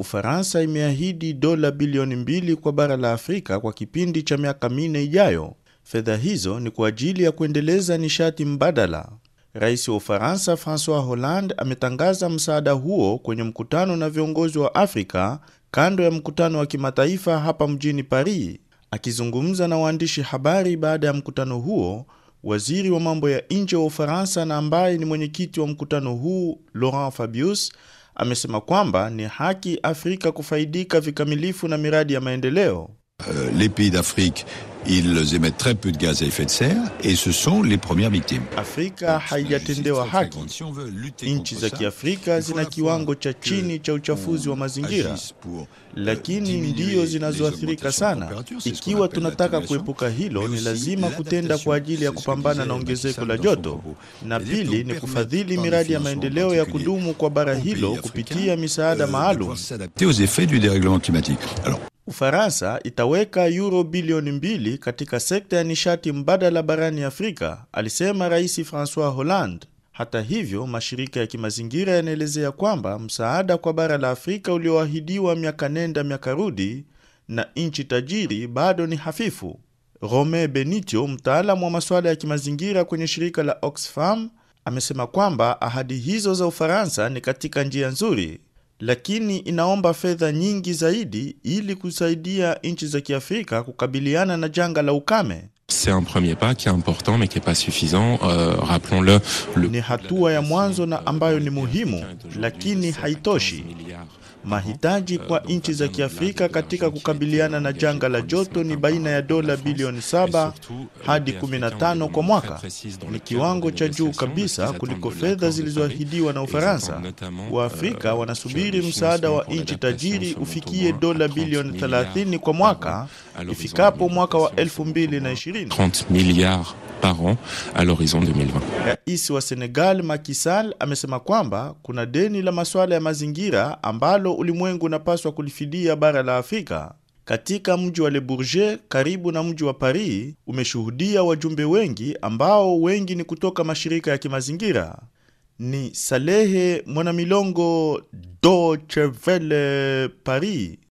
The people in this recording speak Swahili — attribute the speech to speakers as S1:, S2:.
S1: Ufaransa imeahidi dola bilioni mbili kwa bara la Afrika kwa kipindi cha miaka minne ijayo. Fedha hizo ni kwa ajili ya kuendeleza nishati mbadala. Rais wa Ufaransa Francois Hollande ametangaza msaada huo kwenye mkutano na viongozi wa Afrika kando ya mkutano wa kimataifa hapa mjini Paris. Akizungumza na waandishi habari baada ya mkutano huo, waziri wa mambo ya nje wa Ufaransa na ambaye ni mwenyekiti wa mkutano huu Laurent Fabius amesema kwamba ni haki Afrika kufaidika vikamilifu na miradi ya maendeleo. Uh, les pays d'Afrique Ils émettent très peu de gaz à effet de serre et ce sont les premières victimes. Afrika haijatendewa haki. Nchi za Kiafrika zina kiwango cha chini cha uchafuzi wa mazingira, euh, lakini ndiyo zinazoathirika sana. Ikiwa tunataka kuepuka hilo, ni lazima kutenda kwa ajili ya kupambana na ongezeko la joto, na pili ni kufadhili miradi ya maendeleo ya kudumu kwa bara hilo kupitia misaada euh, maalum. aux effets du dérèglement climatique. Alors, Ufaransa itaweka euro bilioni mbili katika sekta ya nishati mbadala barani Afrika, alisema Rais Francois Hollande. Hata hivyo, mashirika ya kimazingira yanaelezea kwamba msaada kwa bara la Afrika ulioahidiwa miaka nenda miaka rudi na nchi tajiri bado ni hafifu. Rome Benitio, mtaalamu wa masuala ya kimazingira kwenye shirika la Oxfam, amesema kwamba ahadi hizo za Ufaransa ni katika njia nzuri lakini inaomba fedha nyingi zaidi ili kusaidia nchi za Kiafrika kukabiliana na janga la ukame. C'est un premier pas qui est important mais qui est pas suffisant. Euh, rappelons-le. Ni hatua ya mwanzo na ambayo ni muhimu, lakini haitoshi. Mahitaji kwa uh, nchi za Kiafrika katika kukabiliana na janga la joto ni baina ya dola bilioni 7 hadi 15 kwa mwaka. Ni kiwango cha juu kabisa kuliko fedha zilizoahidiwa na Ufaransa. Waafrika wanasubiri msaada wa nchi tajiri ufikie dola bilioni 30 kwa mwaka ifikapo mwaka wa 2020 par an à l'horizon 2020. Rais wa Senegal Macky Sall amesema kwamba kuna deni la masuala ya mazingira ambalo ulimwengu unapaswa kulifidia bara la Afrika. Katika mji wa Le Bourget karibu na mji wa Paris umeshuhudia wajumbe wengi ambao wengi ni kutoka mashirika ya kimazingira. Ni Salehe Mwanamilongo, Do Chevele, Paris.